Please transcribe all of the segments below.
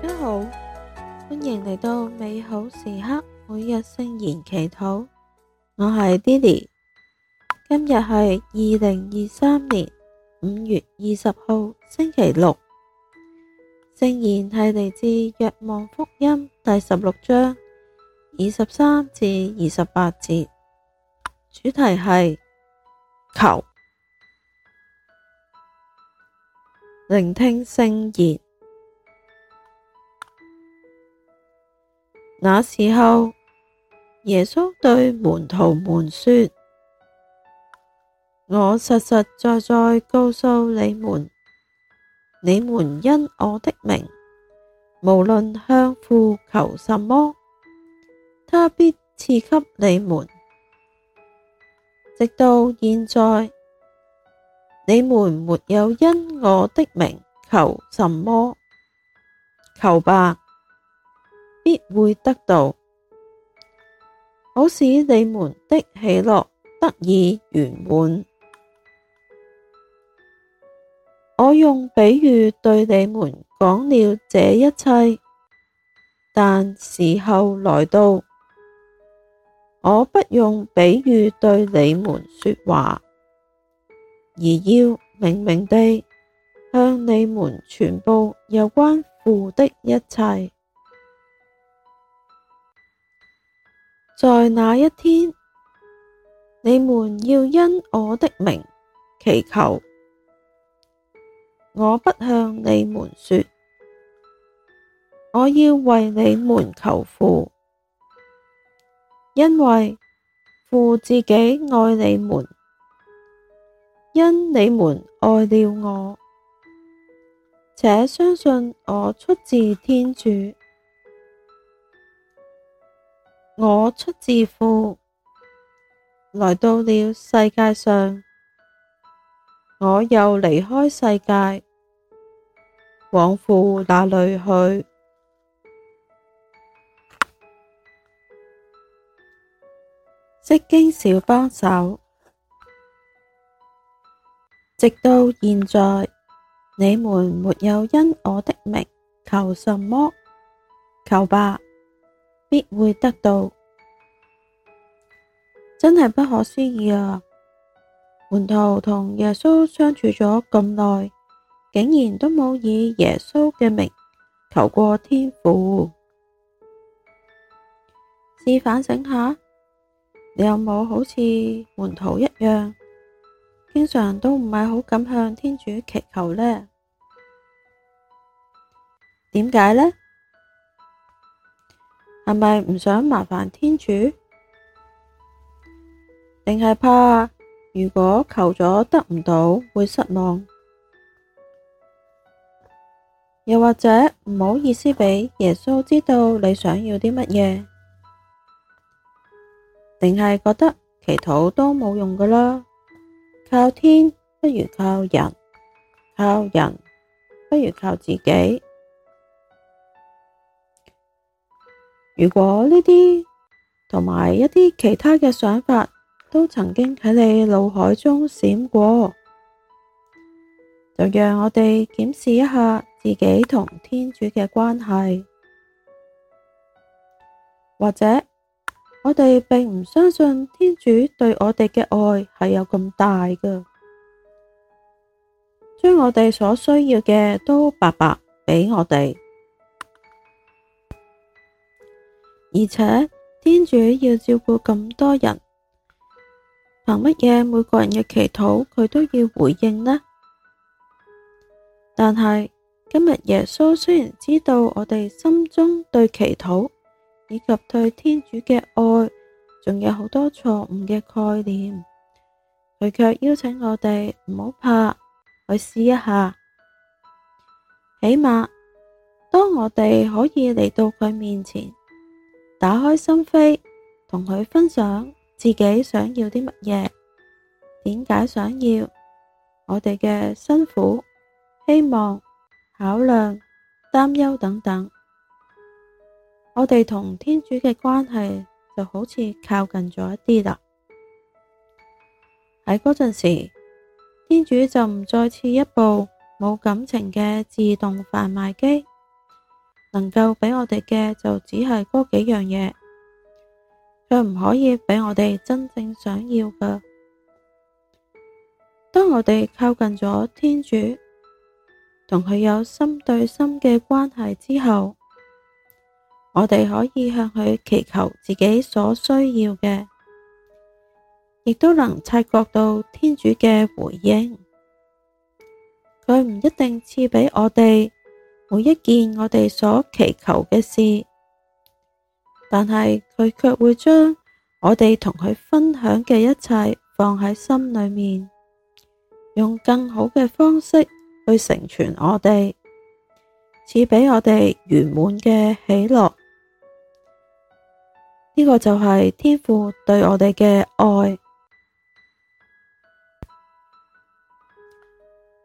大家好，Hello, 歡迎嚟到美好時刻每日聖言祈禱，我係 Lily，今日係二零二三年五月二十號星期六，聖言係嚟自《若望福音》第十六章二十三至二十八節，主題係求聆聽聖言。那時候，耶穌對門徒們說：我實實在在告訴你們，你們因我的名，無論向父求什麼，祂必賜給你們。直到現在，你們沒有因我的名求什麼，求吧。必會得到，好使你們的喜樂得以圓滿。我用比喻對你們講了這一切，但時候來到，我不用比喻對你們說話，而要明明地向你們傳報有關父的一切。在那一天，你們要因我的名祈求，我不向你們說，我要為你們求父，因為父自己愛你們，因你們愛了我，且相信我出自天主。我出自父，來到了世界上，我又離開世界，往父那裡去。釋經小幫手，直到現在，你們沒有因我的名求什麼，求吧。必會得到，真係不可思議啊！門徒同耶穌相處咗咁耐，竟然都冇以耶穌嘅名求過天父，試反省下，你有冇好似門徒一樣，經常都唔係好敢向天主祈求呢？點解呢？係咪唔想麻煩天主，定係怕如果求咗得唔到會失望？又或者唔好意思畀耶穌知道你想要啲乜嘢？定係覺得祈禱都冇用噶啦，靠天不如靠人，靠人不如靠自己。如果呢啲同埋一啲其他嘅想法都曾經喺你腦海中閃過，就讓我哋檢視一下自己同天主嘅關係，或者我哋並唔相信天主對我哋嘅愛係有咁大㗎，將我哋所需要嘅都白白畀我哋。而且天主要照顧咁多人，憑乜嘢每個人嘅祈禱佢都要回應呢？但係今日耶穌雖然知道我哋心中對祈禱以及對天主嘅愛，仲有好多錯誤嘅概念，佢卻邀請我哋唔好怕去試一下，起碼當我哋可以嚟到佢面前，打開心扉，同佢分享自己想要啲乜嘢，點解想要，我哋嘅辛苦、希望、考量、擔憂等等，我哋同天主嘅關係就好似靠近咗一啲啦。喺嗰陣時，天主就唔再似一部冇感情嘅自動販賣機。能夠畀我哋嘅就只係嗰幾樣嘢，佢唔可以畀我哋真正想要嘅。當我哋靠近咗天主，同佢有心對心嘅關係之後，我哋可以向佢祈求自己所需要嘅，亦都能察覺到天主嘅回應。佢唔一定賜畀我哋。每一件我哋所祈求嘅事，但係佢卻會將我哋同佢分享嘅一切放喺心裏面，用更好嘅方式去成全我哋，賜俾我哋圓滿嘅喜樂。呢個就係天父對我哋嘅愛。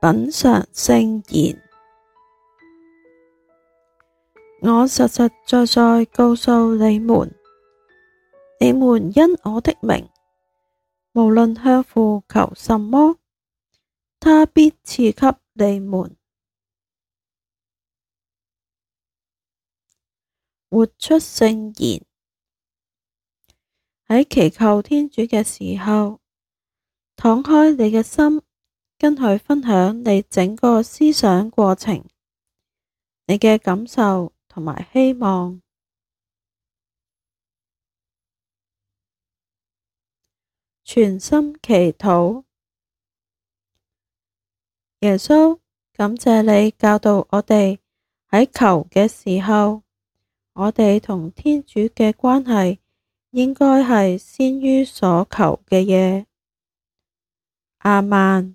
品嚐聖言。我實實在在告訴你們，你們因我的名，無論向父求什麼，他必賜給你們。活出聖言，喺祈求天主嘅時候，敞開你嘅心，跟佢分享你整個思想過程，你嘅感受。同埋希望。全心祈禱。耶穌，感謝你教導我哋喺求嘅時候，我哋同天主嘅關係應該係先於所求嘅嘢。阿曼。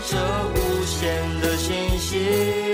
這無限的信息。